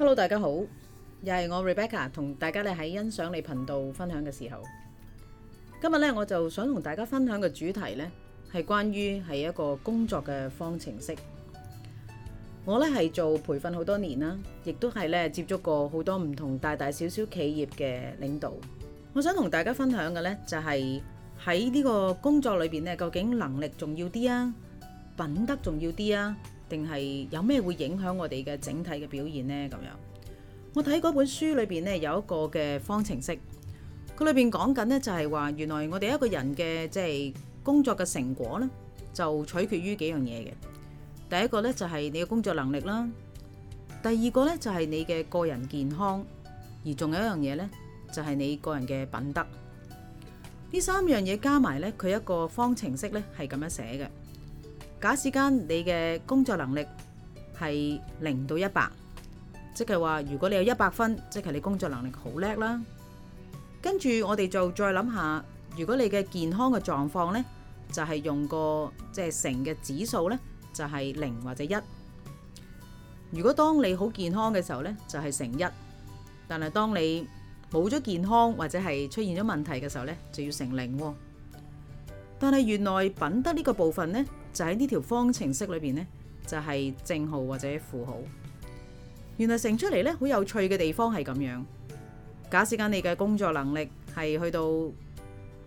Hello，大家好，又係我 Rebecca 同大家咧喺欣賞你頻道分享嘅時候，今日咧我就想同大家分享嘅主題咧係關於係一個工作嘅方程式。我咧係做培訓好多年啦，亦都係咧接觸過好多唔同大大小小企業嘅領導。我想同大家分享嘅咧就係喺呢個工作裏邊咧，究竟能力重要啲啊，品德重要啲啊？定係有咩會影響我哋嘅整體嘅表現呢？咁樣，我睇嗰本書裏邊呢，有一個嘅方程式，佢裏邊講緊呢，就係話，原來我哋一個人嘅即係工作嘅成果呢，就取決於幾樣嘢嘅。第一個呢，就係你嘅工作能力啦，第二個呢，就係你嘅個人健康，而仲有一樣嘢呢，就係你個人嘅品德。呢三樣嘢加埋呢，佢一個方程式呢，係咁樣寫嘅。假使間你嘅工作能力係零到一百，即係話如果你有一百分，即係你工作能力好叻啦。跟住我哋就再諗下，如果你嘅健康嘅狀況呢，就係用個即係成嘅指數呢，就係零或者一。如果當你好健康嘅時候呢，就係成一；但係當你冇咗健康或者係出現咗問題嘅時候呢，就要成零。但係原來品德呢個部分呢，就喺呢條方程式裏邊呢，就係正號或者負號。原來成出嚟呢，好有趣嘅地方係咁樣。假設間你嘅工作能力係去到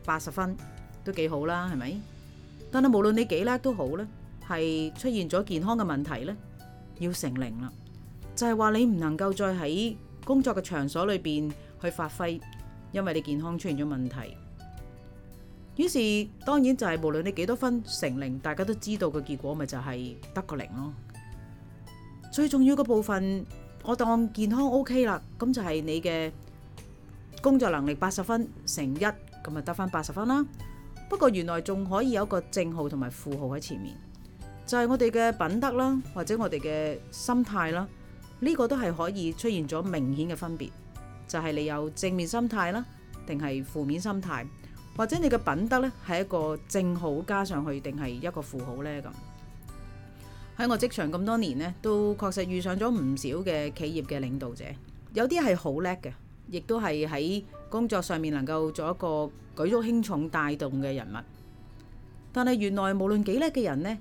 八十分，都幾好啦，係咪？但係無論你幾叻都好咧，係出現咗健康嘅問題呢，要成零啦。就係話你唔能夠再喺工作嘅場所裏邊去發揮，因為你健康出現咗問題。於是當然就係無論你幾多分乘零，大家都知道嘅結果咪就係得個零咯。最重要嘅部分，我當健康 OK 啦，咁就係你嘅工作能力八十分乘一，咁咪得翻八十分啦。不過原來仲可以有個正號同埋負號喺前面，就係我哋嘅品德啦，或者我哋嘅心態啦，呢個都係可以出現咗明顯嘅分別，就係你有正面心態啦，定係負面心態。或者你嘅品德呢，係一個正號加上去，定係一個負號呢？咁喺我職場咁多年呢，都確實遇上咗唔少嘅企業嘅領導者，有啲係好叻嘅，亦都係喺工作上面能夠做一個舉足輕重帶動嘅人物。但係原來無論幾叻嘅人呢，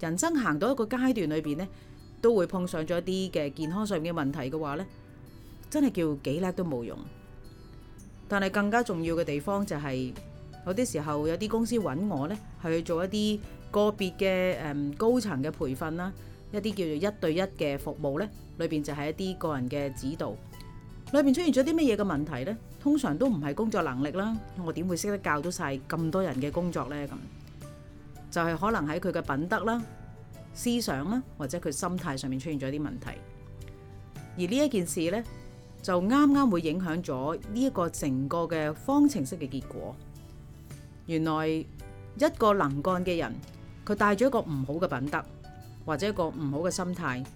人生行到一個階段裏邊呢，都會碰上咗啲嘅健康上面嘅問題嘅話呢，真係叫幾叻都冇用。但係更加重要嘅地方就係有啲時候，有啲公司揾我呢去做一啲個別嘅誒高層嘅培訓啦，一啲叫做一對一嘅服務呢。裏邊就係一啲個人嘅指導。裏邊出現咗啲乜嘢嘅問題呢？通常都唔係工作能力啦，我點會識得教到晒咁多人嘅工作呢？咁就係可能喺佢嘅品德啦、思想啦，或者佢心態上面出現咗啲問題。而呢一件事呢。就啱啱會影響咗呢一個整個嘅方程式嘅結果。原來一個能幹嘅人，佢帶咗一個唔好嘅品德，或者一個唔好嘅心態，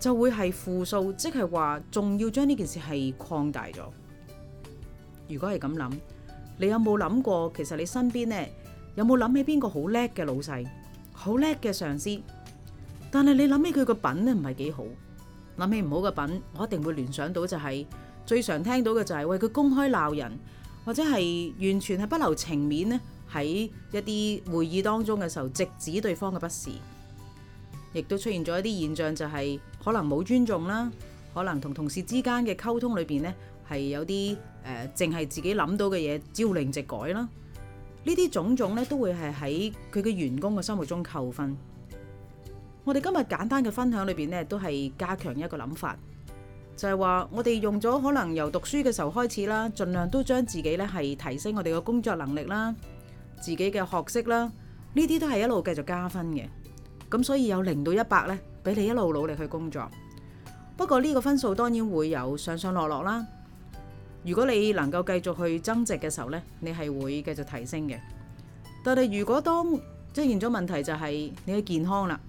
就會係負數，即係話仲要將呢件事係擴大咗。如果係咁諗，你有冇諗過？其實你身邊呢，有冇諗起邊個好叻嘅老細，好叻嘅上司？但係你諗起佢個品咧，唔係幾好。諗起唔好嘅品，我一定會聯想到就係、是、最常聽到嘅就係為佢公開鬧人，或者係完全係不留情面呢，喺一啲會議當中嘅時候直指對方嘅不是，亦都出現咗一啲現象就係可能冇尊重啦，可能同同事之間嘅溝通裏邊呢，係有啲誒，淨、呃、係自己諗到嘅嘢朝令夕改啦，呢啲種種呢，都會係喺佢嘅員工嘅心目中扣分。我哋今日簡單嘅分享裏邊咧，都係加強一個諗法，就係話我哋用咗可能由讀書嘅時候開始啦，盡量都將自己咧係提升我哋嘅工作能力啦，自己嘅學識啦，呢啲都係一路繼續加分嘅。咁所以有零到一百呢，俾你一路努力去工作。不過呢個分數當然會有上上落落啦。如果你能夠繼續去增值嘅時候呢，你係會繼續提升嘅。但係如果當出現咗問題，就係你嘅健康啦。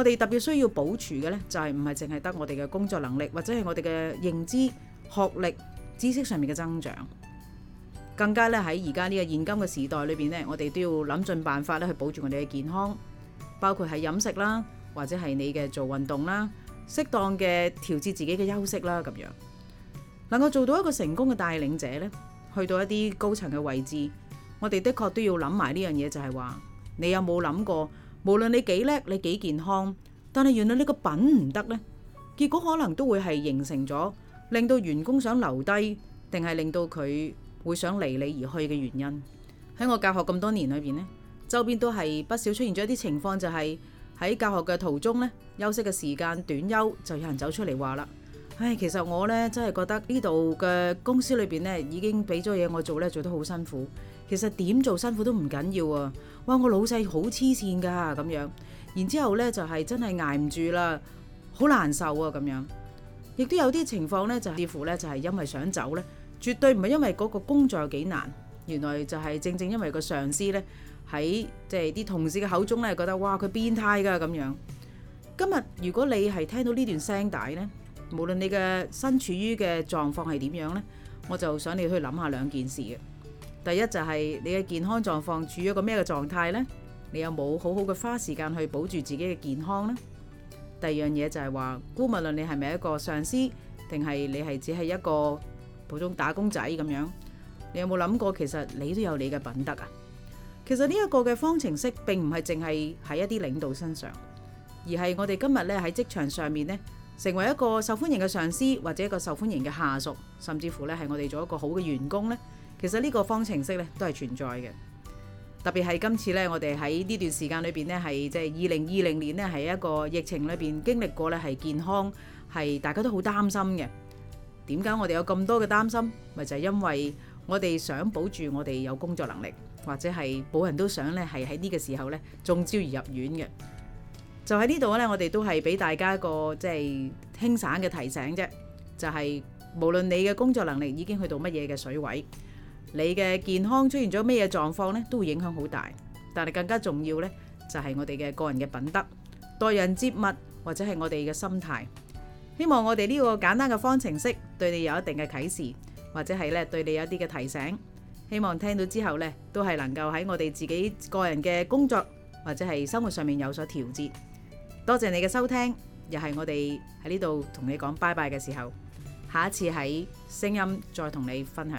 我哋特別需要保住嘅咧，就係唔係淨係得我哋嘅工作能力，或者係我哋嘅認知、學歷、知識上面嘅增長，更加咧喺而家呢個現今嘅時代裏邊咧，我哋都要諗盡辦法咧去保住我哋嘅健康，包括係飲食啦，或者係你嘅做運動啦，適當嘅調節自己嘅休息啦，咁樣能夠做到一個成功嘅帶領者咧，去到一啲高層嘅位置，我哋的確都要諗埋呢樣嘢，就係話你有冇諗過？無論你幾叻，你幾健康，但係原來你個品唔得呢，結果可能都會係形成咗，令到員工想留低，定係令到佢會想離你而去嘅原因。喺我教學咁多年裏邊呢，周邊都係不少出現咗一啲情況，就係喺教學嘅途中呢，休息嘅時間短休就有人走出嚟話啦，唉，其實我呢，真係覺得呢度嘅公司裏邊呢，已經俾咗嘢我做呢，做得好辛苦。其實點做辛苦都唔緊要啊！哇，我老細好黐線噶，咁樣，然之後咧就係真係挨唔住啦，好難受啊咁樣。亦都有啲情況呢，就似乎呢，就係因為想走呢，絕對唔係因為嗰個工作有幾難，原來就係正正因為個上司呢，喺即係啲同事嘅口中呢，覺得哇佢變態噶咁樣。今日如果你係聽到呢段聲帶呢，無論你嘅身處於嘅狀況係點樣呢，我就想你去諗下兩件事嘅。第一就係你嘅健康狀況處於一個咩嘅狀態呢？你有冇好好嘅花時間去保住自己嘅健康呢？第二樣嘢就係話，姑勿論，你係咪一個上司，定係你係只係一個普通打工仔咁樣，你有冇諗過其實你都有你嘅品德啊？其實呢一個嘅方程式並唔係淨係喺一啲領導身上，而係我哋今日咧喺職場上面呢，成為一個受歡迎嘅上司或者一個受歡迎嘅下屬，甚至乎咧係我哋做一個好嘅員工呢。其實呢個方程式咧都係存在嘅，特別係今次咧，我哋喺呢段時間裏邊呢係即係二零二零年呢係一個疫情裏邊經歷過咧係健康係大家都好擔心嘅。點解我哋有咁多嘅擔心？咪就係、是、因為我哋想保住我哋有工作能力，或者係冇人都想咧係喺呢是個時候咧中招而入院嘅。就喺呢度咧，我哋都係俾大家一個即係輕省嘅提醒啫，就係、是、無論你嘅工作能力已經去到乜嘢嘅水位。你嘅健康出現咗咩嘢狀況呢，都會影響好大。但係更加重要呢，就係我哋嘅個人嘅品德、待人接物或者係我哋嘅心態。希望我哋呢個簡單嘅方程式對你有一定嘅啟示，或者係呢對你有一啲嘅提醒。希望聽到之後呢，都係能夠喺我哋自己個人嘅工作或者係生活上面有所調節。多謝你嘅收聽，又係我哋喺呢度同你講拜拜嘅時候，下一次喺聲音再同你分享。